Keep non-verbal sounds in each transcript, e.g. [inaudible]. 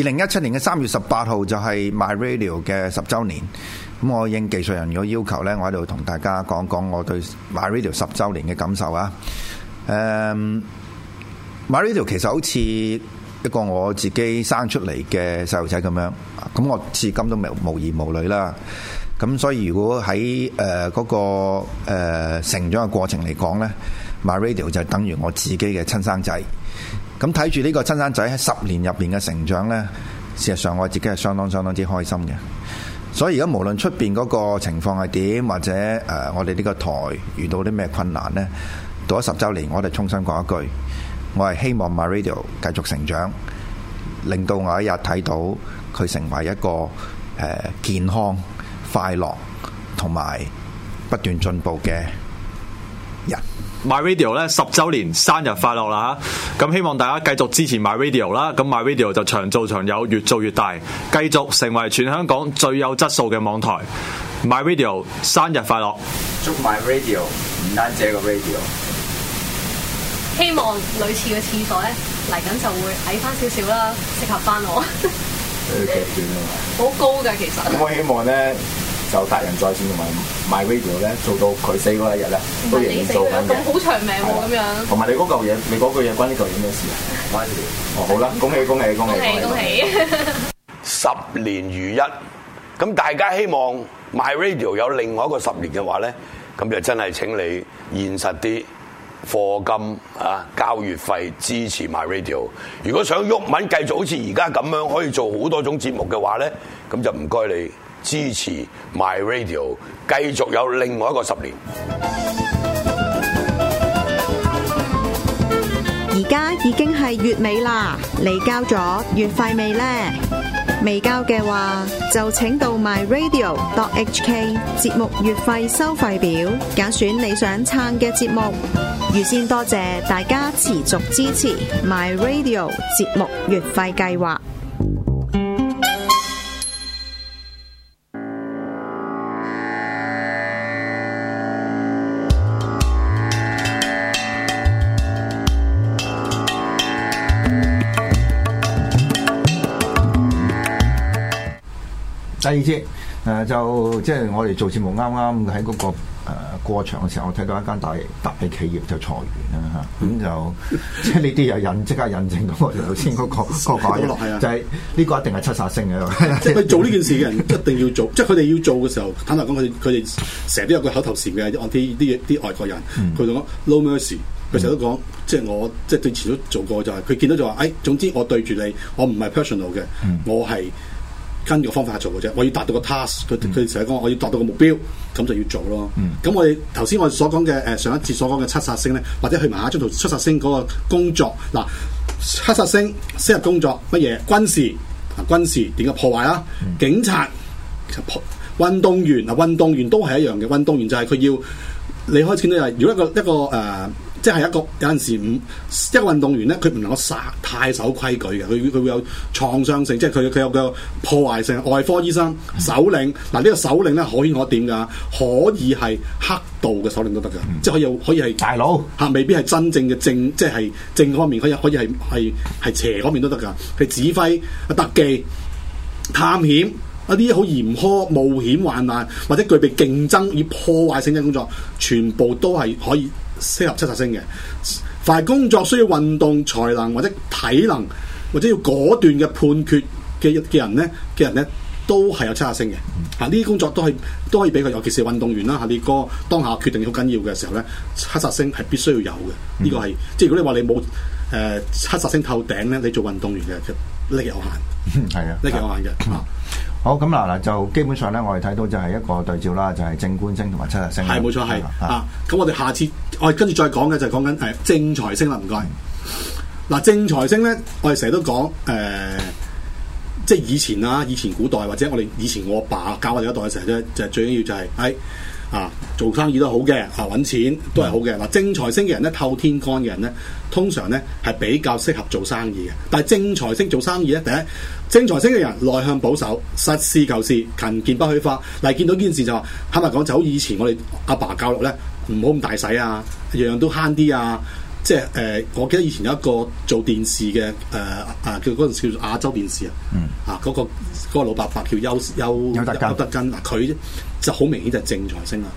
二零一七年嘅三月十八號就係 MyRadio 嘅十周年，咁我應技術人員嘅要求呢，我喺度同大家講講我對 MyRadio 十周年嘅感受啊。誒，MyRadio 其實好似一個我自己生出嚟嘅細路仔咁樣，咁我至今都無無兒無女啦。咁所以如果喺誒嗰個誒成長嘅過程嚟講呢，MyRadio 就等於我自己嘅親生仔。咁睇住呢個親生仔喺十年入邊嘅成長呢，事實上我自己係相當相當之開心嘅。所以而家無論出邊嗰個情況係點，或者誒我哋呢個台遇到啲咩困難呢，到咗十週年，我哋衷心講一句，我係希望 My Radio 繼續成長，令到我一日睇到佢成為一個健康、快樂同埋不斷進步嘅人。My Radio 咧十周年生日快樂啦！咁希望大家繼續支持 My Radio 啦，咁 My Radio 就長做長有，越做越大，繼續成為全香港最有質素嘅網台。My Radio 生日快樂！祝 My Radio 唔單止個 Radio，希望類似嘅廁所咧嚟緊就會矮翻少少啦，適合翻我。 [laughs] Okay. 好高㗎其實。咁我希望咧。受達人再線同埋賣 radio 咧，做到佢死嗰一日咧，都仍然做咁好長命喎、啊，咁樣吧。同埋你嗰嚿嘢，你嗰句嘢關呢嚿嘢咩事啊？關哦好啦，恭喜恭喜恭喜！恭喜恭喜！十年如一，咁大家希望賣 radio 有另外一個十年嘅話咧，咁就真係請你現實啲，課金啊，交月費支持賣 radio。如果想鬱文繼續好似而家咁樣，可以做好多種節目嘅話咧，咁就唔該你。支持 My Radio，繼續有另外一個十年。而家已經係月尾啦，你交咗月費未呢？未交嘅話，就請到 My Radio .hk 節目月費收費表，揀選你想撐嘅節目。預先多謝大家持續支持 My Radio 節目月費計劃。第二節誒、呃、就即係我哋做節目啱啱喺嗰個誒、呃、過場嘅時候，我睇到一間大大企業就裁員啦嚇，咁、啊、就即係呢啲又引即刻引證到我頭先嗰個、嗰個嗰個話就係呢個一定係七殺星嘅。嗯、即係做呢件事嘅人一定要做， [laughs] 即係佢哋要做嘅時候，坦白講，佢哋佢哋成日都有個口頭禪嘅，按啲啲啲外國人，佢就講 no mercy，佢成日都講，即係我即係對前都做過就係，佢見到就話誒、哎，總之我對住你，我唔係 personal 嘅，我係。我跟個方法去做嘅啫，我要達到個 task，佢佢成日講我要達到個目標，咁就要做咯。咁、嗯、我哋頭先我所講嘅誒上一節所講嘅七殺星咧，或者去埋下出到七殺星嗰個工作嗱，七殺星適合工作乜嘢軍事啊軍事點解破壞啦、啊，嗯、警察、運動員啊運動員都係一樣嘅，運動員就係佢要你開始見到係、就是、如果一個一個誒。呃即係一個有陣時唔，一個運動員咧，佢唔能夠殺太守規矩嘅，佢佢會有創傷性，即係佢佢有個破壞性。外科醫生首領，嗱呢、嗯啊這個首領咧可以我點噶，可以係黑道嘅首領都得嘅，即係可以、嗯、可以係大佬哥吓，未必係真正嘅正，即係正方面，佢又可以係係係邪方面都得噶，去指揮特技探險啊啲好嚴苛冒險患難或者具備競爭與破壞性嘅工作，全部都係可以。適合七煞星嘅。凡係工作需要運動才能或者體能或者要果斷嘅判決嘅嘅人咧嘅人咧都係有七煞星嘅，吓呢啲工作都係都可以俾佢，尤其是運動員啦吓，呢個當下決定好緊要嘅時候咧，七煞星係必須要有嘅呢、嗯、個係即係如果你話你冇誒、呃、七煞星透頂咧，你做運動員嘅力有限係啊，力有限嘅啊。 [laughs] [laughs] 好咁嗱嗱就基本上咧，我哋睇到就係一個對照啦，就係、是、正官星同埋七日星。係冇錯，係是是啊。咁、啊、我哋下次我哋跟住再講嘅就係講緊誒正財星啦，唔該。嗱、嗯啊、正財星咧，我哋成日都講誒、呃，即係以前啊，以前古代或者我哋以前我阿爸教我哋一代嘅成候咧，就是、最緊要就係喺。啊，做生意都好嘅，啊揾錢都係好嘅。嗱、嗯，正財星嘅人咧，透天干嘅人咧，通常咧係比較適合做生意嘅。但係正財星做生意咧，第一，正財星嘅人內向保守、實事求是，勤儉不虛化。嗱，見到件事就話，坦白講，走以前我哋阿爸，爸教育咧，唔好咁大使啊，樣樣都慳啲啊。即係誒、呃，我記得以前有一個做電視嘅誒、呃、啊，時叫嗰陣叫做亞洲電視、嗯、啊，嗯、那個，啊、那、嗰個老伯伯叫邱、邱、邱德根嗱佢。就好明顯就係正財星啦，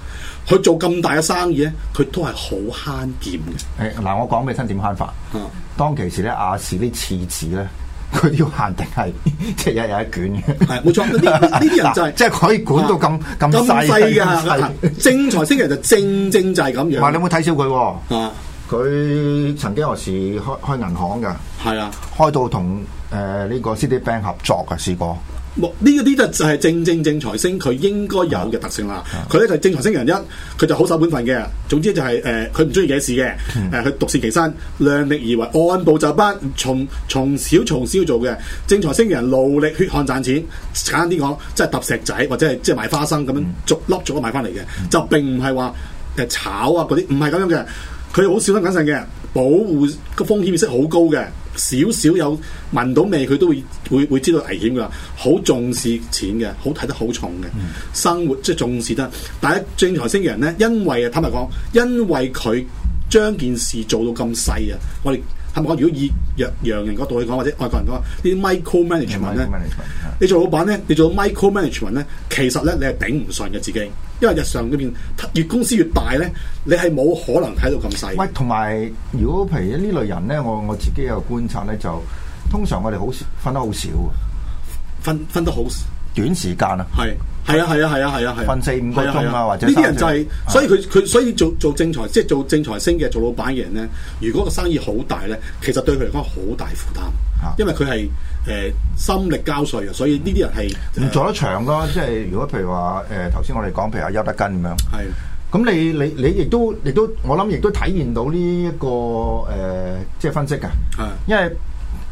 佢做咁大嘅生意咧，佢都係好慳儉嘅。誒、哎，嗱，我講俾你聽點慳法。嗯、啊，當其時咧，亞視啲廁紙咧，佢要限定係即係日日一卷嘅。係，冇錯。呢啲人就係、是啊、即係可以管到咁咁細嘅。正財星其實正正就係咁樣。唔係、啊，你有冇睇小佢？啊，佢、啊、曾經何時開開銀行噶？係啊，開，的開到同誒呢個 City Bank 合作嘅，試過。呢啲呢就係正正正財星，佢應該有嘅特性啦。佢咧、啊、就係、正財星人一，佢就好守本分嘅。總之就係、是、誒，佢唔中意嘅事嘅。誒、呃，佢獨善其身，量力而為，按部就班，從從小從少做嘅正財星人，勞力血汗賺錢。簡單啲講，即係揼石仔或者係即係買花生咁樣逐粒逐粒買翻嚟嘅，嗯、就並唔係話誒炒啊嗰啲，唔係咁樣嘅。佢好小心謹慎嘅，保護個風險意識好高嘅。少少有聞到味，佢都會會會知道危險㗎，好重視錢嘅，好睇得好重嘅、嗯、生活，即、就、係、是、重視得。但係正財星人咧，因為啊坦白講，因為佢將件事做到咁細啊，我哋。係咪？如果以若洋人嗰度去講，或者外國人講，啲 micro management 咧 In，你做老闆咧，你做 micro management 咧，其實咧，你係頂唔順嘅自己，因為日常嗰邊越公司越大咧，你係冇可能睇到咁細。喂，同埋如果譬如呢類人咧，我我自己有觀察咧，就通常我哋好分，分，分得好少，分分得好短時間啊。係。係啊係啊係啊係啊係啊，瞓四五個鐘啊，或者呢啲人就係，所以佢佢所以做做正財，即係做正財星嘅做老闆嘅人咧，如果個生意好大咧，其實對佢嚟講好大負擔，因為佢係誒心力交瘁啊，所以呢啲人係唔做得長咯。即係如果譬如話誒，頭先我哋講譬如阿邱德根咁樣，係咁你你你亦都亦都，我諗亦都體現到呢一個誒，即係分析㗎，係因為。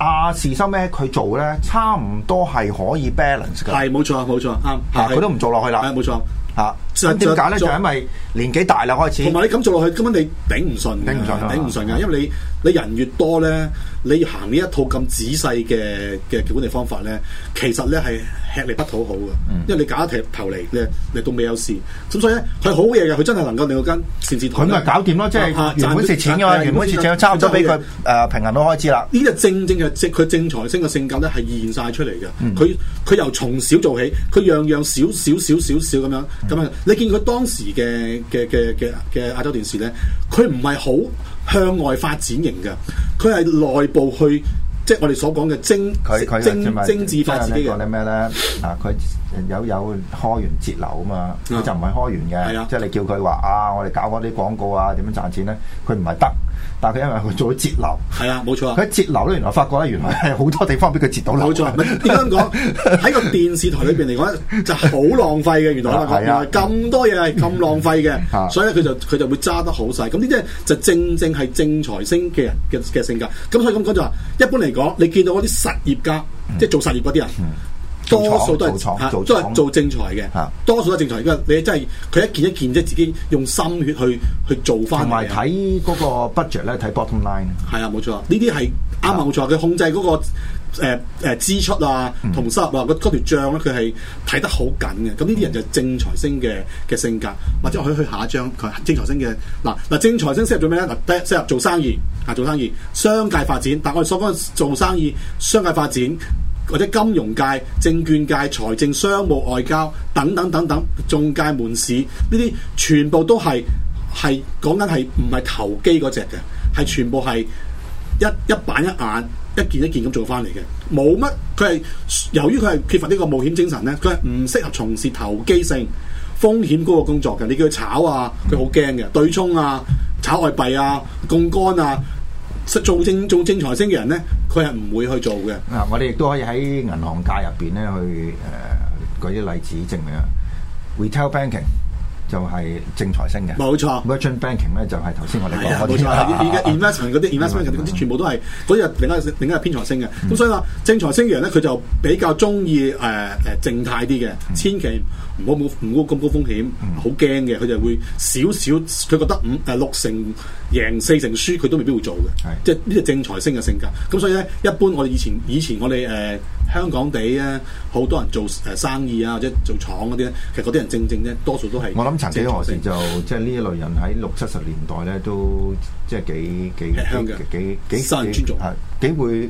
阿士生咧，佢、啊啊、做咧差唔多係可以 balance 嘅，係冇錯，冇錯，啱，佢、啊、是都唔做落去啦，係冇錯，吓、啊，咁點解咧？就因為，因為年紀大啦，開始，同埋你咁做落去，根本你頂唔順，頂唔順，的頂唔順嘅，的因為你你人越多咧，你行呢一套咁仔細嘅嘅管理方法咧，其實咧係。吃力不討好嘅，因為你搞一頭頭嚟，你你都未有事，咁所以咧，佢好嘢嘅，佢真係能夠令到間電視台佢咪搞掂咯，即係原本蝕錢嘅話，原本蝕錢差唔多俾佢誒平衡到開支啦。呢個正正嘅即佢正財星嘅性格咧，係現晒出嚟嘅。佢佢由從小做起，佢樣樣少少少少少咁樣咁啊！你見佢當時嘅嘅嘅嘅嘅亞洲電視咧，佢唔係好向外發展型嘅，佢係內部去。即係我哋所講嘅精佢佢精精緻化自己嘅咩咧？啊，佢有有開源節流啊嘛，佢就唔係開源嘅，即係你叫佢話啊，我哋搞嗰啲廣告啊，點樣賺錢咧？佢唔係得。但係佢因為佢做咗節流，係啊，冇錯啊，佢節流咧，原來發覺咧，原來係好多地方俾佢截到啦。冇錯、啊，點樣講喺個電視台裏邊嚟講咧，就好、是、浪費嘅。原來，原來咁、啊啊、多嘢係咁浪費嘅，啊、所以佢就佢就會揸得好細。咁呢啲就正正係正財星嘅嘅嘅性格。咁所以咁講就話、是，一般嚟講，你見到嗰啲實業家，嗯、即係做實業嗰啲人。嗯多數都係，做廠啊、都係做正財嘅。啊、多數都正財，因為你真係佢一件一件即係自己用心血去去做翻同埋睇嗰個 budget 咧，睇 bottom line。係啊，冇錯，呢啲係啱啱冇錯。佢是、啊、控制嗰、那個誒支、呃、出啊，同收入啊，嗰嗰條帳咧，佢係睇得好緊嘅。咁呢啲人就正財星嘅嘅性格，或者佢去,去,去下一張。佢正財星嘅嗱嗱，正財星適合做咩咧？嗱，第一適合做生意啊，做生意，商界發展。但係我哋所講做生意，商界發展。或者金融界、證券界、財政、商務、外交等等等等，中介門市呢啲，全部都係係講緊係唔係投機嗰隻嘅，係全部係一一板一眼、一件一件咁做返嚟嘅。冇乜佢係由於佢係缺乏呢個冒險精神呢，佢係唔適合從事投機性風險嗰個工作嘅。你叫佢炒啊，佢好驚嘅；對沖啊，炒外幣啊，槓桿啊。做正做正財星嘅人咧，佢係唔會去做嘅。嗱、啊，我哋亦都可以喺銀行界入邊咧，去誒舉啲例子證明。Retail Banking. 就係正財星嘅，冇錯。Merchant banking 咧就係頭先我哋講，冇錯。而家 investment 嗰啲 investment 嗰啲全部都係嗰日另一另一日偏財星嘅。咁所以話正財星嘅人咧，佢就比較中意誒誒靜態啲嘅，千祈唔好冇唔好咁高風險，好驚嘅。佢就會少少，佢覺得五誒六成贏四成輸，佢都未必會做嘅。係，即係呢個正財星嘅性格。咁所以咧，一般我哋以前以前我哋誒。呃呃嗯嗯嗯嗯嗯香港地咧，好多人做誒生意啊，或者做廠嗰啲咧，其實嗰啲人正正咧，多數都係。我諗曾幾何時就 [laughs] 即係呢一類人喺六七十年代咧，都即係幾幾幾幾幾幾受尊重，係幾會誒，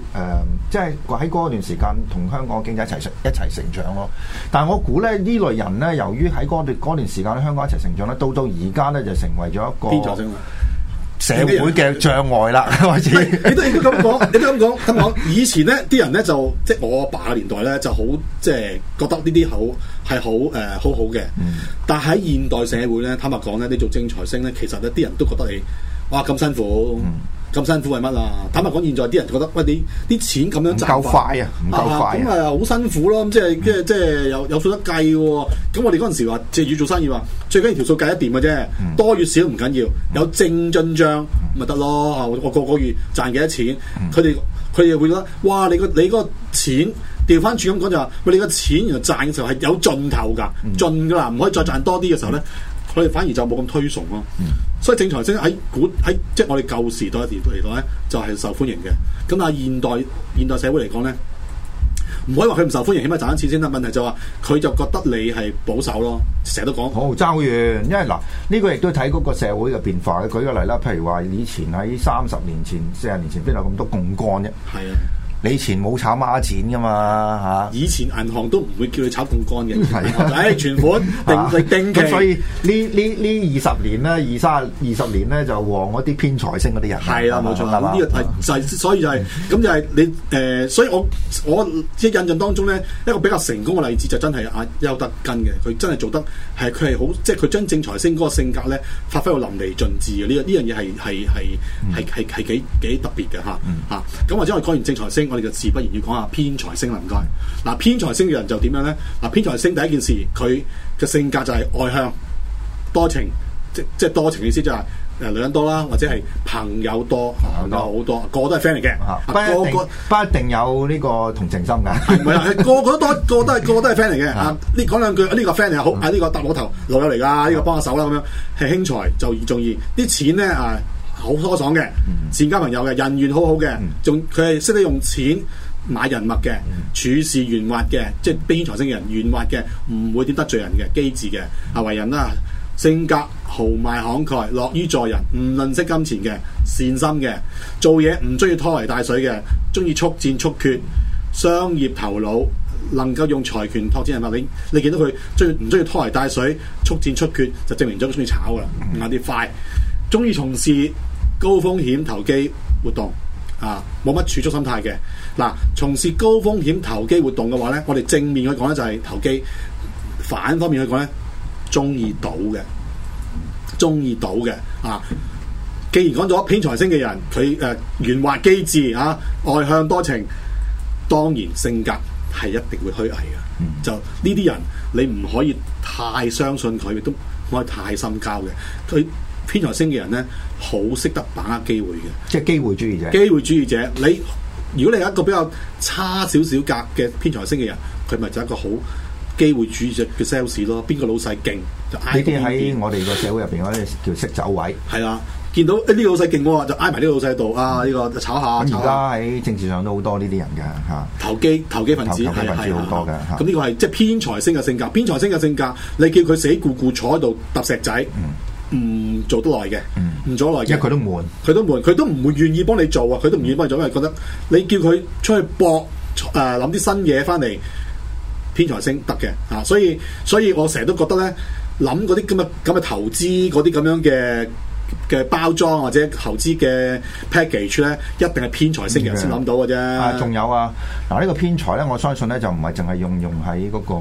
即係喺嗰段時間同香港經濟一齊成一齊成長咯。但係我估咧，呢類人咧，由於喺嗰段段時間咧，香港一齊成長咧，到到而家咧就成為咗一個。社會嘅障礙啦，開始。 [laughs] [laughs] 你都應該咁講，你都咁講，咁講。以前咧，啲人咧就即係我八廿年代咧就好，即係覺得呢啲好係好誒好好嘅。嗯、但喺現代社會咧，坦白講咧，你做正財星咧，其實咧啲人都覺得你哇咁辛苦。嗯咁辛苦係乜啊？坦白講，現在啲人覺得，喂，你啲錢咁樣賺，唔夠快啊！唔夠快啊！咁啊，好辛苦咯。咁即係，嗯、即係，即係有有數得計喎。咁我哋嗰陣時話、啊，即係做生意話、啊，最緊要條數計得掂嘅啫。嗯、多與少唔緊要，有正進帳咪得咯。我我個個月賺幾多錢？佢哋佢哋會覺得，哇！你個你嗰個錢調翻轉咁講就話，喂！你個錢原來錢賺嘅時候係有盡頭㗎，嗯、盡嗱唔可以再賺多啲嘅時候咧。嗯嗯我哋反而就冇咁推崇咯、啊，所以正財星喺古喺即係我哋舊時代嘅時代咧就係受歡迎嘅，咁但係現代現代社會嚟講咧，唔可以話佢唔受歡迎，起碼賺一次先得。問題就話佢就覺得你係保守咯，成日都講。好，爭好遠，因為嗱呢、這個亦都睇嗰個社會嘅變化嘅。舉個例啦，譬如話以前喺三十年前、四十年前邊有咁多槓桿啫？係啊。你以前冇炒孖錢噶嘛嚇？以前銀行都唔會叫你炒咁乾嘅，係存款定定期。所以呢呢呢二十年咧，二卅二十年咧，就旺嗰啲偏財星嗰啲人。係啊，冇錯啦。咁呢個係就係所以就係咁就係你誒，所以我我即係印象當中咧，一個比較成功嘅例子就真係阿邱德根嘅，佢真係做得係佢係好，即係佢將正財星嗰個性格咧發揮到淋漓盡致嘅呢呢樣嘢係係係係係幾幾特別嘅嚇嚇。咁或者我講完正財星。我哋就自不然要講下偏財星啦唔該，嗱偏財星嘅人就點樣咧？嗱偏財星第一件事，佢嘅性格就係外向多、多情，即即係多情意思就係、是、誒、呃、女人多啦，或者係朋友多，好、啊 okay. 多好多個都係 friend 嘅，個個不一定有呢個同情心噶，唔係個個都個都係個都係 friend 嘅啊！呢講兩句，呢、這個 friend 好，嗯、啊呢、這個搭佬頭老友嚟噶，呢、這個幫下手啦咁樣，係輕財就中意啲錢咧啊。啊好疏爽嘅，善交朋友嘅，人緣好好嘅，仲佢係識得用錢買人脈嘅，嗯、處事圓滑嘅，即係偏財星嘅人，圓滑嘅，唔會啲得罪人嘅，機智嘅，係為人啦、啊，性格豪邁慷慨，樂於助人，唔吝惜金錢嘅，善心嘅，做嘢唔中意拖泥帶水嘅，中意速戰速決，商業頭腦能夠用財權拓展人物。你你見到佢中唔中意拖泥帶水、速戰速決，就證明咗佢中意炒噶啦，買啲快，中意從事。高風險投機活動啊，冇乜儲蓄心態嘅嗱、啊，從事高風險投機活動嘅話呢，我哋正面去講呢，就係投機，反方面去講呢，中意賭嘅，中意賭嘅啊。既然講咗偏財星嘅人，佢誒、呃、圓滑機智啊，外向多情，當然性格係一定會虛偽嘅。就呢啲人，你唔可以太相信佢，亦都唔可以太深交嘅。佢。偏財星嘅人咧，好識得把握機會嘅，即係機會主義者。機會主義者，你如果你有一個比較差少少格嘅偏財星嘅人，佢咪就一個好機會主義嘅 sales 咯。邊個老細勁，就挨，啲喺我哋個社會入邊嗰啲叫識走位。係啦，見到呢個老細勁喎，就挨埋呢個老細度啊！呢個炒下。而家喺政治上都好多呢啲人嘅嚇，投機投機分子係係好多嘅嚇。咁呢個係即係偏財星嘅性格。偏財星嘅性格，你叫佢死固固坐喺度揼石仔。唔做得耐嘅，唔、嗯、唔做得耐嘅，佢都悶，佢都悶，佢都唔會願意幫你做啊！佢都唔願意幫你做，因為覺得你叫佢出去搏，誒諗啲新嘢翻嚟，偏財星得嘅啊！所以所以我成日都覺得咧，諗嗰啲咁嘅咁嘅投資嗰啲咁樣嘅嘅包裝或者投資嘅 package 咧，一定係偏財星人先諗到嘅啫。仲、啊、有啊！嗱，這個、呢個偏財咧，我相信咧就唔係淨係用用喺嗰個誒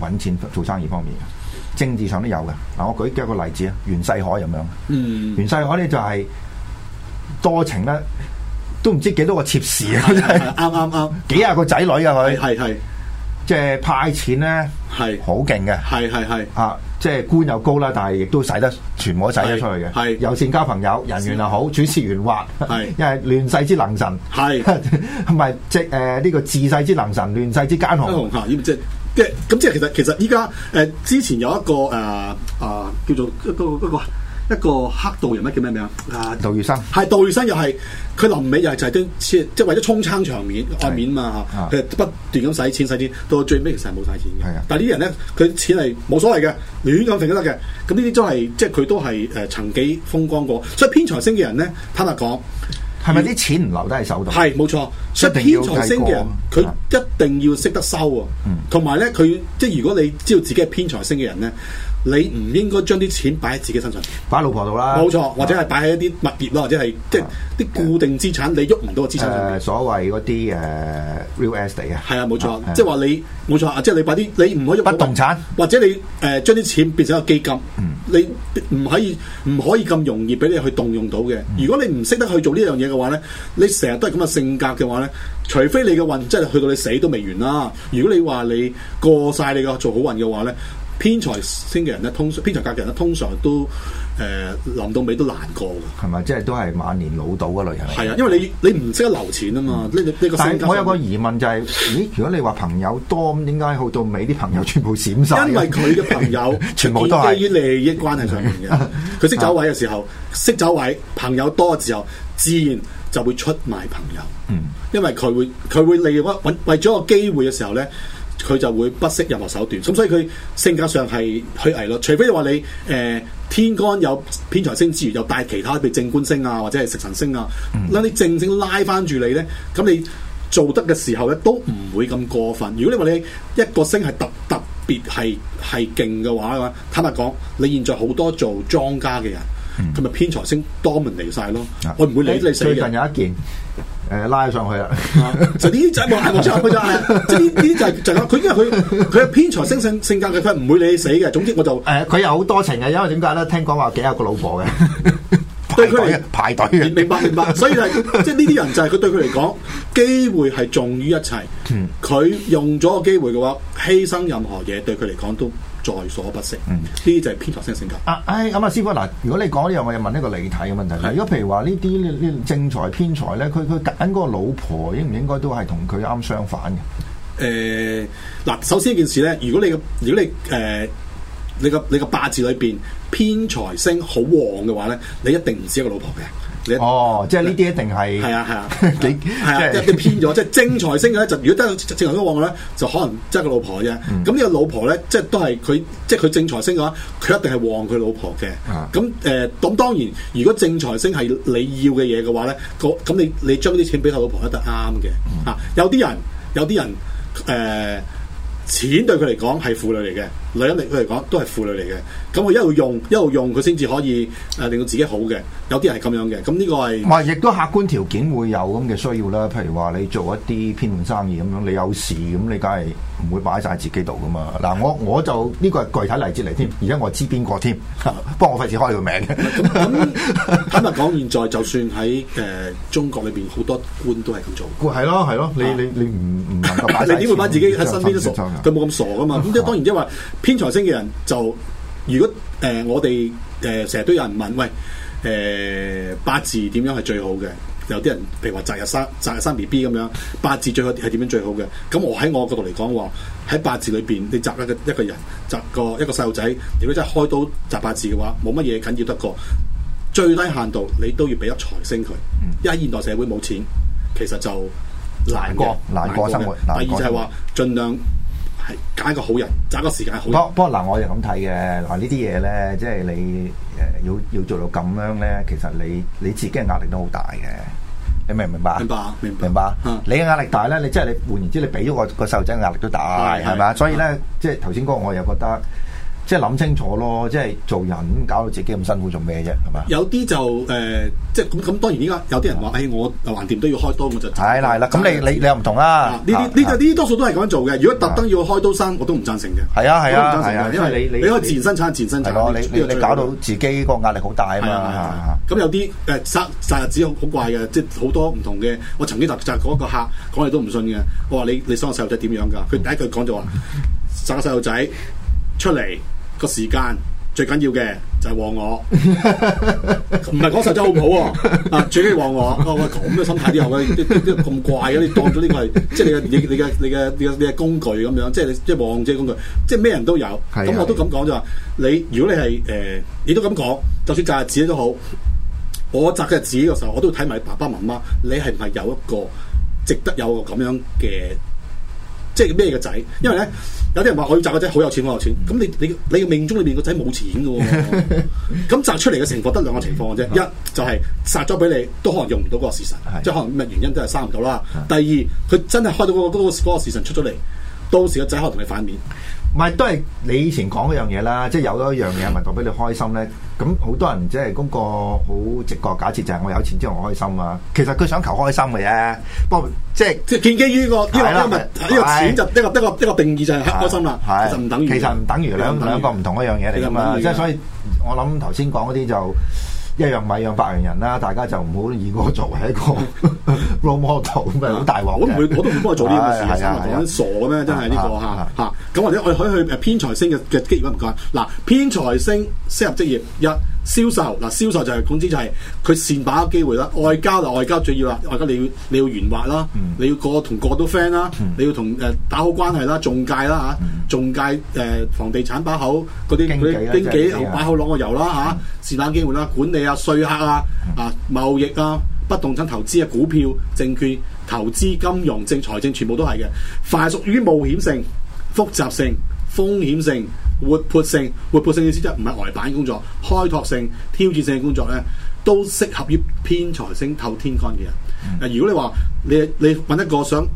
揾、呃、錢做生意方面嘅。政治上都有嘅。嗱，我舉幾個例子啊，袁世凱咁樣。嗯，袁世凱咧就係多情咧，都唔知幾多個妾侍啊，真係啱啱啱幾廿個仔女啊佢。係係，即係派錢咧，係好勁嘅。係係係啊，即係官又高啦，但係亦都使得全部都使得出去嘅。係，友善交朋友，人緣又好，處事圓滑。係，因為亂世之能臣。係，同埋即係誒呢個治世之能臣，亂世之奸雄。即係咁，即係其實其實依家誒之前有一個誒誒、呃呃、叫做嗰個一個，一個黑道人物叫咩名啊？杜月笙係杜月笙，又係佢臨尾又係就係啲錢，即係為咗沖撐場面案面嘛嚇。啊、不斷咁使錢使錢到最尾，其實係冇使錢嘅。啊、但呢啲人咧，佢錢係冇所謂嘅，亂咁揈、就是、都得嘅。咁呢啲都係即係佢都係誒曾經風光過，所以偏財星嘅人咧，坦白講。係咪啲錢唔留低喺手度？係冇錯，所以偏財星嘅人，佢一定要識得收喎。嗯，同埋咧，佢即係如果你知道自己係偏財星嘅人咧。你唔應該將啲錢擺喺自己身上，擺喺老婆度啦。冇錯，或者係擺喺一啲物業咯，啊、或者係即係啲固定資產，啊、你喐唔到嘅資產上面、呃。所謂嗰啲誒 real estate 啊，係啊，冇、啊、錯，即係話你冇錯啊，即係你擺啲你唔可以擺動，動產，或者你誒、呃、將啲錢變成一個基金，嗯、你唔可以唔可以咁容易俾你去動用到嘅。嗯、如果你唔識得去做呢樣嘢嘅話咧，你成日都係咁嘅性格嘅話咧，除非你嘅運即係去到你死都未完啦。如果你話你過晒你嘅做好運嘅話咧。天才星嘅人咧，通常天才格嘅人咧，通常都誒，諗、呃、到尾都難過嘅。係咪？即係都係晚年老倒嗰類型。係啊，因為你你唔識得留錢啊嘛，呢呢個性格。但係我有個疑問就係、是：咦，如果你話朋友多，咁點解去到尾啲朋友全部閃曬？因為佢嘅朋友全部都係基於利益關係上面嘅。佢識走位嘅時候，嗯、識走位，朋友多嘅時候，自然就會出賣朋友。嗯，因為佢會佢會利用揾為咗個機會嘅時候咧。佢就會不惜任何手段，咁所以佢性格上係虛偽咯。除非你話你誒、呃、天干有偏財星之餘，又帶其他譬如正官星啊，或者係食神星啊，嗰、嗯、你正星拉翻住你咧，咁你做得嘅時候咧都唔會咁過分。如果你話你一個星係特特別係係勁嘅話，坦白講，你現在好多做莊家嘅人，佢咪偏財星多 o 嚟晒 n 咯，嗯、我唔會理你死人。最近有一件。誒、呃，拉上去啦！就呢啲就冇，冇錯冇錯，係即係啲啲就係就咁。佢因為佢佢偏財星性性格嘅，佢唔會理死嘅。總之我就，佢又好多情嘅，因為點解咧？聽講話幾有個老婆嘅， [laughs] 對佢嚟排隊，啊，排啊，明白明白。所以係即係呢啲人就係、是、佢對佢嚟講，機會係重於一切。佢、嗯、用咗個機會嘅話，犧牲任何嘢對佢嚟講都，在所不惜，嗯，呢啲就係偏財星嘅性格。啊，哎，咁啊，師傅嗱，如果你講呢樣，我又問一個理體嘅問題。係的，如果譬如話呢啲呢呢正財偏財咧，佢佢揀嗰個老婆應唔應該都係同佢啱相反嘅？誒、嗯，嗱，首先一件事咧，如果你如果你誒、呃、你個你個八字裏邊偏財星好旺嘅話咧，你一定唔止一個老婆嘅。哦，即係呢啲一定係係啊係啊，啊 [laughs] 你，幾即係偏咗，即係正財星咧就如果得到正財都旺嘅咧，就可能即係、嗯、個老婆啫。咁呢個老婆咧，即係都係佢即係佢正財星嘅話，佢一定係旺佢老婆嘅。咁、呃、誒，咁當然，如果正財星係你要嘅嘢嘅話咧，咁你你將啲錢俾佢老婆都得啱嘅。嚇、啊，有啲人有啲人誒、呃，錢對佢嚟講係婦女嚟嘅，女人嚟佢嚟講都係婦女嚟嘅。咁我一路用一路用，佢先至可以誒令到自己好嘅。有啲人係咁樣嘅，咁呢個係，咪亦都客觀條件會有咁嘅需要啦。譬如話你做一啲偏門生意咁樣，你有事咁，你梗係唔會擺晒自己度噶嘛。嗱，我我就呢個係具體例子嚟添，而家我知邊個添，不過我費事開條名。咁坦白講，現在就算喺誒中國裏邊，好多官都係咁做。係咯係咯，你你你唔唔能夠擺，你點會擺自己喺身邊傻？佢冇咁傻噶嘛。咁即係當然即係話偏財星嘅人就。如果誒、呃、我哋誒成日都有人問，喂誒、呃、八字點樣係最好嘅？有啲人譬如話擇日，日生擇日生 B B 咁樣，八字最好係點樣最好嘅？咁我喺我角度嚟講話，喺八字裏邊你擇一個一個人，擇個一個細路仔，如果真係開刀擇八字嘅話，冇乜嘢緊要得過，最低限度你都要俾一財星佢。嗯、因為現代社會冇錢，其實就難過難過生活。第二就係話盡量。係揀個好人，揀個時間係好。不不過嗱，我就咁睇嘅。嗱呢啲嘢咧，即係你誒、呃，要要做到咁樣咧，其實你你自己嘅壓力都好大嘅。你明唔明白？明白，明白。明白、啊。嗯。你嘅壓力大咧，你即係你換言之你，你俾咗個個細路仔嘅壓力都大，係咪？是吧所以咧，啊、即係頭先嗰，個我又覺得。即係諗清楚咯，即係做人，搞到自己咁辛苦，做咩啫？係嘛？有啲就誒，即係咁咁。當然依家有啲人話，誒，我橫掂都要開刀，我就係啦。咁你你你又唔同啦。呢啲呢啲呢多數都係咁樣做嘅。如果特登要開刀生，我都唔贊成嘅。係啊係啊，因為你你可以自然生產自然生產，你搞到自己個壓力好大啊嘛。咁有啲誒生細日子好怪嘅，即係好多唔同嘅。我曾經就就係一個客講你都唔信嘅。我話你你生細路仔點樣㗎？佢第一句講就話生細路仔出嚟。個時間最緊要嘅就係旺我，唔係講實質好唔好啊？處機旺我，哦哎、我咁嘅心態都有，咁怪嘅你當咗呢個係，即係你嘅你嘅你嘅你嘅工具咁樣，即係即係旺即係工具，即係咩人都有。咁是是 我都咁講就話，是是你如果你係誒、呃，你都咁講，就算擇日子都好，我擇日子嘅時候，我都睇埋爸爸媽媽，你係唔係有一個值得有個咁樣嘅？即係咩嘅仔？因為咧有啲人話我要摘個仔好有錢，好有錢。咁你你你命中裏面個仔冇錢㗎喎。咁摘 [laughs] 出嚟嘅情況得兩個情況啫。 [laughs] 一就係殺咗俾你，都可能用唔到嗰個時辰， [laughs] 即係可能咩原因都係生唔到啦。 [laughs] 第二佢真係開到嗰個嗰個時辰出咗嚟，到時個仔可能同你反面。唔係，都係你以前講嗰樣嘢啦，即係有咗一樣嘢，係咪代表你開心咧。咁好、嗯、多人即係嗰個好直覺假設就係我有錢之後我開心啊。其實佢想求開心嘅、啊、啫，不過即、就、係、是、建基於個呢個呢個錢就、哎、一個一個,一個定義就係開心啦、啊，其實唔等其實唔等於兩兩個唔同一樣嘢嚟噶嘛。即係所以我、就是，我諗頭先講嗰啲就。一樣米養百樣人啦，大家就唔好以我作為一個 role model 咁樣，好大鑊，我都唔，我都唔幫佢做呢樣事嘅，哎哎、是是傻咩、哎、呀真係呢、呢個吓吓，咁或者我可以去偏財星嘅嘅職業啦，唔該。嗱，偏財星適合職業一。銷售嗱，銷售就係總之就係佢善把握機會啦。外交就外交最要啦，外交你要你要圓滑啦，你要個同個都 friend 啦，你要同誒打好關係啦，中介啦嚇，中介誒房地產把口嗰啲啲經紀擺好攞個油啦嚇，善把握機會啦。管理啊、稅客啊、啊貿易啊、不動產投資啊、股票、證券、投資、金融、政財政全部都係嘅，凡係屬於冒險性、複雜性、風險性。活潑性、活潑性嘅意思唔係呆板工作，開拓性、挑戰性嘅工作咧，都適合於偏財星透天干嘅人。嗱、嗯，如果你話你你揾一個想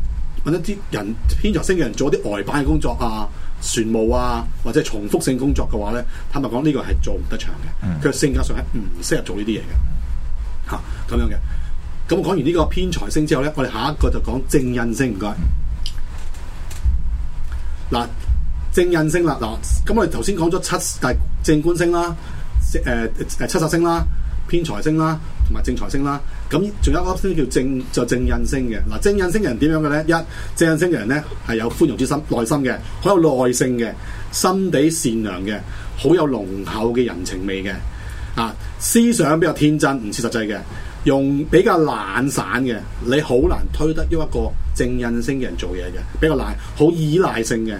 揾一啲人偏財星嘅人做一啲呆板嘅工作啊、船務啊或者重複性工作嘅話咧，坦白講呢個係做唔得長嘅，佢、嗯、性格上係唔適合做呢啲嘢嘅，吓、啊、咁樣嘅。咁講完呢個偏財星之後咧，我哋下一個就講正印星唔該嗱。正印星啦，嗱，咁我哋頭先講咗七大正官星啦，誒、呃、誒七煞星啦，偏財星啦，同埋正財星啦。咁仲有一個星星叫正就正印星嘅嗱。正印星人點樣嘅咧？一正印星嘅人咧係有寬容之心、耐心嘅，好有耐性嘅，心底善良嘅，好有濃厚嘅人情味嘅啊。思想比較天真，唔切實際嘅，用比較懶散嘅，你好難推得喐一個正印星嘅人做嘢嘅，比較懶，好依賴性嘅。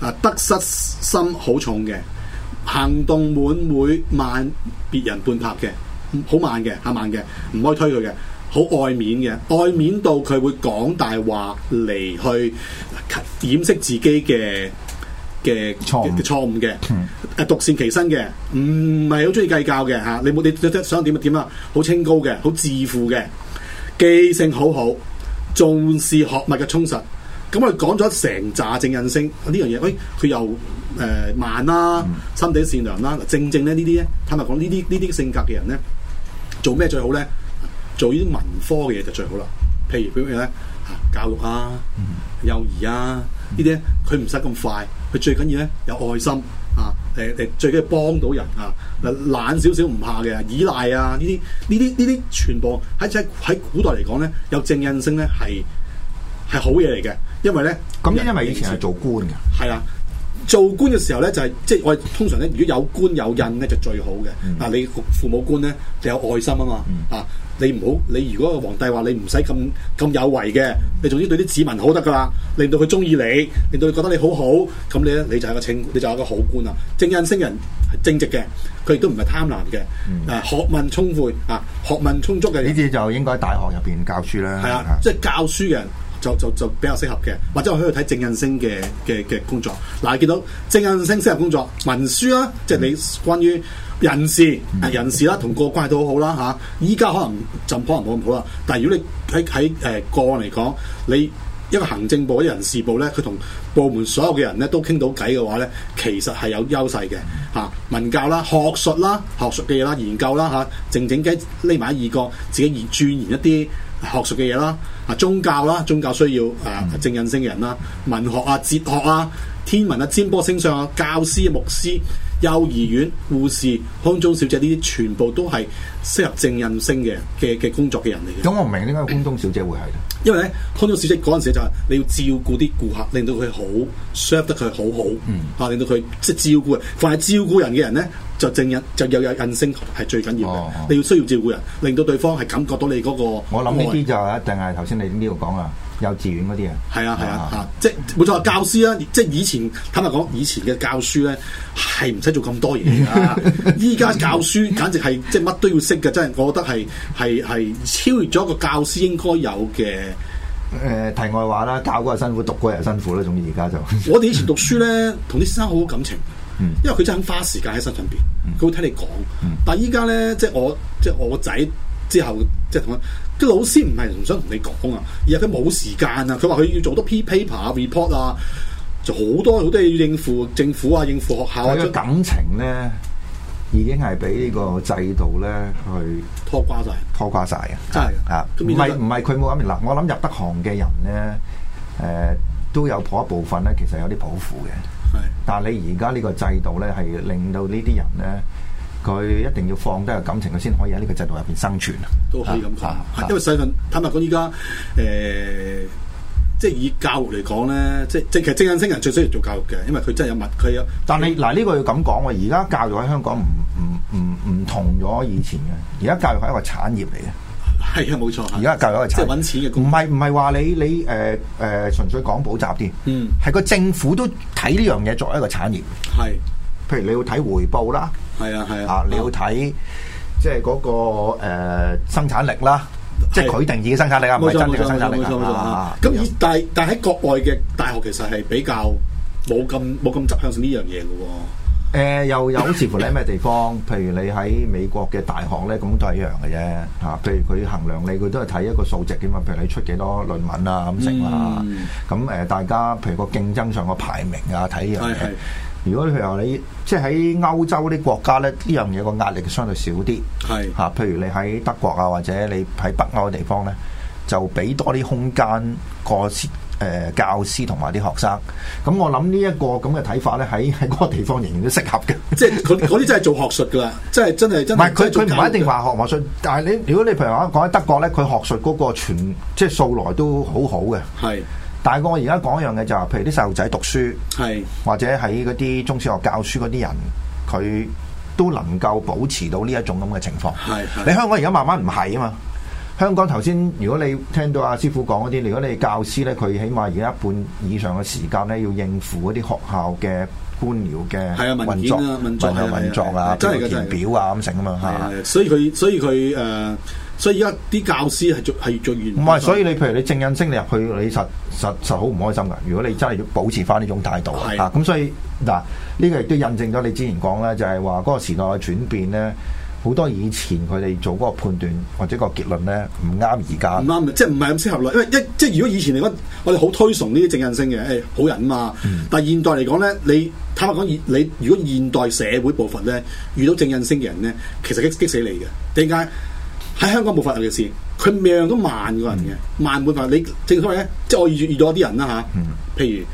啊！得失心好重嘅，行動滿會慢，別人半拍嘅，好慢嘅，吓慢嘅，唔可以推佢嘅，好愛面嘅，愛面到佢會講大話嚟去掩飾自己嘅嘅錯誤嘅，誒、嗯、獨善其身嘅，唔係好中意計較嘅嚇，你冇你想點就點啦，好清高嘅，好自負嘅，記性好好，重視學物嘅充實。咁啊，講咗成扎正印星呢樣嘢，喂、呃，佢又誒慢啦、啊，心地善良啦、啊。正正咧呢啲咧，坦白講，呢啲呢啲性格嘅人咧，做咩最好咧？做呢啲文科嘅嘢就最好啦。譬如譬如咧，教育啊、幼兒啊，呢啲佢唔使咁快，佢最緊要咧有愛心啊，誒、啊、誒、呃，最緊要幫到人啊，啊懶少少唔怕嘅，依賴啊呢啲呢啲呢啲全部喺喺喺古代嚟講咧，有正印星咧係係好嘢嚟嘅。因為咧咁，因為以前係做官嘅，係啦、啊，做官嘅時候咧就係、是、即係我哋通常咧，如果有官有印咧就最好嘅。嗱、嗯啊，你父母官咧就有愛心啊嘛。嗯、啊，你唔好你如果個皇帝話你唔使咁咁有為嘅，你總之對啲子民好得噶啦，令到佢中意你，令到佢覺得你好好，咁你咧你就係個清，你就係個,個好官啦、啊。正印星人係正直嘅，佢亦都唔係貪婪嘅，誒、啊，學問充沛啊，學問充足嘅。呢啲就應該大學入邊教書啦。係啊，即、就、係、是、教書嘅。就就就比較適合嘅，或者我可以睇正印星嘅嘅嘅工作。嗱、啊，見到正印星適合工作，文書啦、啊，即、就、係、是、你關於人事、嗯、人事啦，同、啊、個關係都好好啦吓，依、啊、家可能就可能冇咁好啦，但係如果你喺喺誒個案嚟講，你一個行政部或人事部咧，佢同部門所有嘅人咧都傾到偈嘅話咧，其實係有優勢嘅嚇、啊。文教啦、學術啦、學術嘅嘢啦、研究啦嚇、啊，靜靜雞匿埋喺二角，自己鑽研一啲學術嘅嘢啦。啊，宗教啦，宗教需要啊、呃、正印星嘅人啦，文學啊、哲學啊、天文啊、占卜星相啊，教師、牧師。幼兒園、護士、空中小姐呢啲全部都係適合正印星嘅嘅嘅工作嘅人嚟嘅。咁我唔明點解空中小姐會係？因為咧，空中小姐嗰陣時就係你要照顧啲顧客，令到佢好 serve 得佢好好，吓、嗯啊、令到佢即係照顧。凡係照顧人嘅人咧，就正印就又有印星係最緊要嘅。哦哦、你要需要照顧人，令到對方係感覺到你嗰、那個。我諗呢啲就係一定係頭先你呢度講啊。幼稚園嗰啲啊，係啊係啊吓、啊，即係冇錯，教師啦，即係以前坦白講，以前嘅教書咧係唔使做咁多嘢噶，依家 [laughs] 教書簡直係即係乜都要識嘅，真係我覺得係係係超越咗一個教師應該有嘅誒、嗯、題外話啦，教嗰係辛苦，讀嗰係辛苦啦，總之而家就我哋以前讀書咧，同啲 [laughs] 先生好好感情，因為佢真係肯花時間喺身上邊，佢會聽你講，但係依家咧即係我即係我個仔。之後即係同佢，啲、就是、老師唔係唔想同你講啊，而係佢冇時間啊，佢話佢要做多 P paper 啊、aper, report 啊，就好多好多要應付政府啊、應付學校。個感情咧，已經係俾呢個制度咧去拖垮晒，拖垮晒的啊！真係啊，唔係唔係佢冇咁，嗱我諗入得行嘅人咧，誒、呃、都有頗一部分咧，其實有啲抱負嘅。係的，但係你而家呢個制度咧，係令到呢啲人咧。佢一定要放低個感情，佢先可以喺呢個制度入邊生存啊！都可以咁講，啊、因為細份坦白講，依家誒即係以教育嚟講咧，即係其實正印星人最需要做教育嘅，因為佢真係有物，佢啊。但係嗱，呢、呢個要咁講喎，而家教育喺香港唔唔唔唔同咗以前嘅。而家教育係一個產業嚟嘅，係啊，冇錯。而家教育係即係揾錢嘅工，唔係唔係話你你誒誒、呃呃、純粹講補習添，嗯，係個政府都睇呢樣嘢作為一個產業，係。譬如你要睇回報啦，係啊係啊，啊你要睇即係嗰個誒生產力啦，即係佢定義嘅生產力啊，唔係真嘅生產力啊。咁但係但係喺國外嘅大學其實係比較冇咁冇咁側向性呢樣嘢嘅喎。誒又有，似乎喺咩地方？譬如你喺美國嘅大學咧，咁都係一樣嘅啫。嚇，譬如佢衡量你，佢都係睇一個數值嘅嘛。譬如你出幾多論文啊，咁成啦。咁誒，大家譬如個競爭上嘅排名啊，睇呢樣嘢。如果你譬如話你即係喺歐洲啲國家咧，呢樣嘢個壓力相對少啲。係嚇是，譬如你喺德國啊，或者你喺北歐嘅地方咧，就俾多啲空間個誒教師同埋啲學生。咁、嗯、我諗、這個、呢一個咁嘅睇法咧，喺喺嗰個地方仍然都適合嘅。即係嗰嗰啲真係做學術㗎啦，即係 [laughs] 真係真。唔係佢佢唔一定話學學術，但係你如果你譬如話講喺德國咧，佢學術嗰個全即係素來都好好嘅。係。大過，我而家講一樣嘅就係，譬如啲細路仔讀書，是或者喺嗰啲中小學教書嗰啲人，佢都能夠保持到呢一種咁嘅情況。係，你香港而家慢慢唔係啊嘛。香港頭先，如果你聽到阿師傅講嗰啲，如果你教師咧，佢起碼而家一半以上嘅時間咧，要應付嗰啲學校嘅官僚嘅係啊運作、啊、運作運作啊，即係、啊啊啊啊、填表啊咁成啊嘛嚇、啊啊。所以佢，所以佢誒。所以而家啲教師係做係做完，唔係是。行所以你譬如你正印星你入去，你實實實好唔開心噶。如果你真係要保持翻呢種態度嚇，咁是的、啊、所以嗱，呢、呢個亦都印證咗你之前講咧，就係話嗰個時代嘅轉變咧，好多以前佢哋做嗰個判斷或者個結論咧唔啱而家，唔啱嘅，對即係唔係咁適合啦。因為一即係如果以前嚟講，我哋好推崇呢啲正印星嘅，誒、哎、好人啊嘛。嗯、但係現代嚟講咧，你坦白講，你如果現代社會部分咧遇到正印星嘅人咧，其實激激死你嘅。點解？喺香港冇法律嘅事，佢命都慢過人嘅，嗯、慢半拍。你正所謂咧，即係我遇遇咗啲人啦嚇，譬如誒，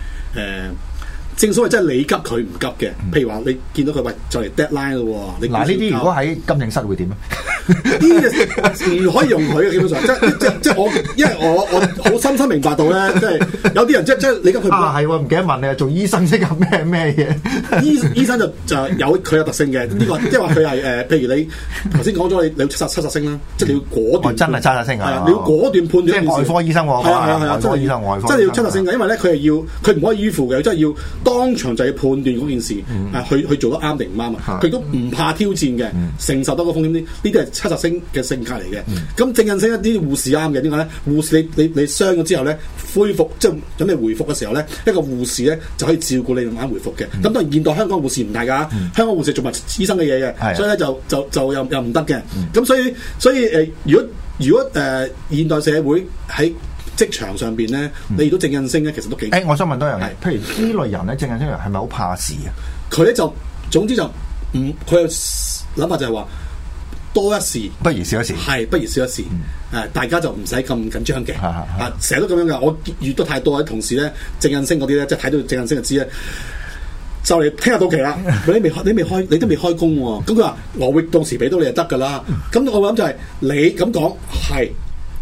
正所謂即係你急佢唔急嘅。譬如話、呃、你見、嗯、到佢喂就嚟 deadline 咯喎，嗱呢啲如果喺金證室會點咧？ [laughs] 啲嘢唔可以用佢嘅，基本上即即即我，因為我我好深深明白到咧，即係有啲人即即你而家佢啊係我唔記得問你啊，做醫生即係咩咩嘢？醫醫生就就有佢有特性嘅呢個，即係話佢係誒，譬如你頭先講咗你要七七殺星啦，即你要果斷，真係七殺星啊！係啊，你要果斷判斷。即外科醫生我係啊，外科醫生外科真係要七殺星嘅，因為咧佢係要佢唔可以迂腐嘅，即係要當場就要判斷嗰件事去去做得啱定唔啱啊！佢都唔怕挑戰嘅，承受得個風險啲，呢啲係。七十星嘅性格嚟嘅，咁、嗯、正印星一啲護士啱嘅。點解咧？護士你你你傷咗之後咧，恢復即係準備回復嘅時候咧，一個護士咧就可以照顧你慢慢回復嘅。咁、嗯、當然現代香港護士唔大㗎，嗯、香港護士做埋醫生嘅嘢嘅，所以咧就就就又又唔得嘅。咁所以所以誒，如果如果誒現代社會喺職場上邊咧，你亦都正印星咧，其實都幾誒、欸。我想問多樣嘢，譬如呢類人咧，正印星人係咪好怕事啊？佢咧就總之就唔，佢、嗯嗯、有諗法就係話。多一事不如少一事，係，不如少一事。誒、嗯，大家就唔使咁緊張嘅。啊，成日、啊啊、都咁樣嘅。我遇到太多，啲同事咧正印星嗰啲咧即係睇到正印星就知咧，就嚟聽日到期啦。你未， [laughs] 你未開，你未開，你都未開工喎、啊。咁佢話：我會到時俾到你就得噶啦。咁我諗就係、是、你咁講係，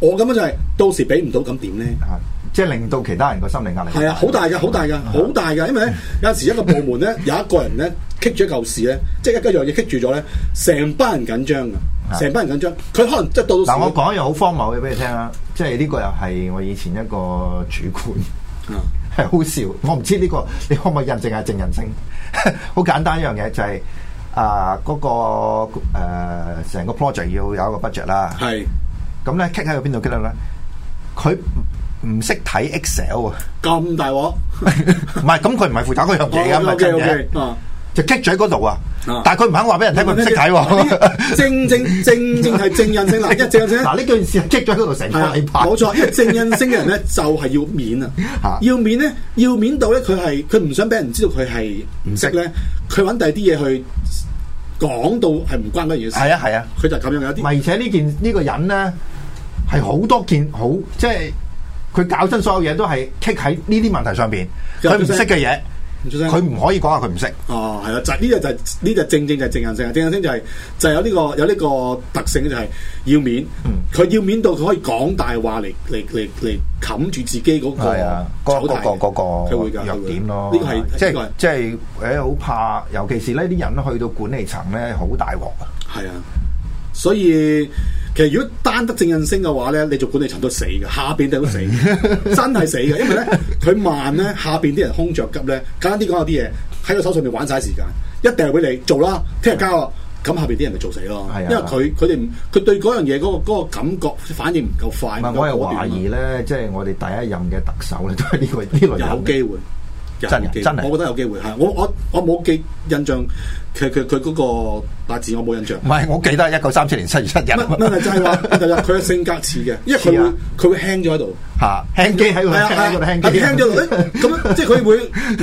我咁樣就係、是、到時俾唔到咁點咧？係、嗯，即係令到其他人個心理壓力係啊，好大嘅，好大嘅，好大嘅。啊嗯、 [laughs] 因為咧，有時一個部門咧，有一個人咧。嗯 [laughs] [laughs] 棘咗一舊事咧，即係一加樣嘢棘住咗咧，成班人緊張嘅，成班人緊張。佢可能即係到到時嗱，我講一樣好荒謬嘅俾你聽啦，即係呢個又係我以前一個主管，係、啊、好笑。我唔知呢、這個你可唔可以印證下正人性？好簡單一樣嘢就係、是、啊，嗰、呃那個誒，成、呃、個 project 要有一個 budget 啦是。係咁咧，棘喺個邊度棘咧？佢唔識睇 Excel 啊！咁大鑊，唔係咁，佢唔係負責嗰樣嘢嘅，唔就棘咗喺嗰度啊！但係佢唔肯話俾人聽佢唔識睇喎。正正正正係正印星，一正正。嗱呢件事棘咗喺嗰度成大冇錯，正印星嘅人咧就係要面啊！要面咧，要面到咧，佢係佢唔想俾人知道佢係唔識咧，佢揾第二啲嘢去講到係唔關嗰樣嘢。係啊係啊，佢就咁樣有啲。而且呢件呢個人咧係好多件好，即係佢搞親所有嘢都係棘喺呢啲問題上邊，佢唔識嘅嘢。佢唔、啊、可以講話佢唔識哦，係啊，就呢、是這個就呢、是這個正正就正官星。啊，正官星就係、是、就係、是、有呢、這個有呢個特性，就係要面，佢、嗯、要面到佢可以講大話嚟嚟嚟嚟冚住自己嗰個嗰、啊那個嗰個弱點，會會有點咯，呢個係即係即係誒，好怕，尤其是呢啲人去到管理層咧，好大鑊啊，係啊，所以。其實如果單得正印星嘅話咧，你做管理層都死嘅，下邊都死， [laughs] 真係死嘅，因為咧佢慢咧，下邊啲人空着急咧，簡單啲講，有啲嘢喺個手上面玩晒時間，一定係畀你做啦，聽日交啊，咁是的 下邊啲人咪做死咯。是的 因為佢佢哋唔佢對嗰樣嘢嗰個嗰個感覺反應唔夠快。唔的我係懷疑咧，即係我哋第一任嘅特首咧，都係呢個呢類型。有機會，真嘅，真係，我覺得有機會。係，我我我冇記印象。佢佢佢嗰個八字我冇印象，唔係我記得一九三七年七月七日，真係就係佢嘅性格似嘅，因為佢佢會輕咗喺度嚇，輕機喺度，係啊輕咗喺度，咁即係佢會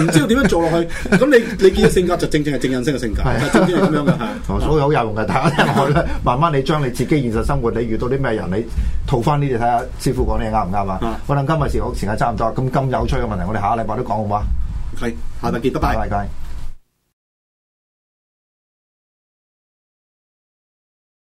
唔知道點樣做落去，咁你你見到性格就正正係正印星嘅性格，係正正係咁樣嘅，所以好有用嘅。大家慢慢你將你自己現實生活你遇到啲咩人，你套翻呢啲睇下，師傅講啲嘢啱唔啱啊？可能今日時間差唔多，咁咁有趣嘅問題，我哋下個禮拜都講好嘛？係，下個禮拜見，多謝。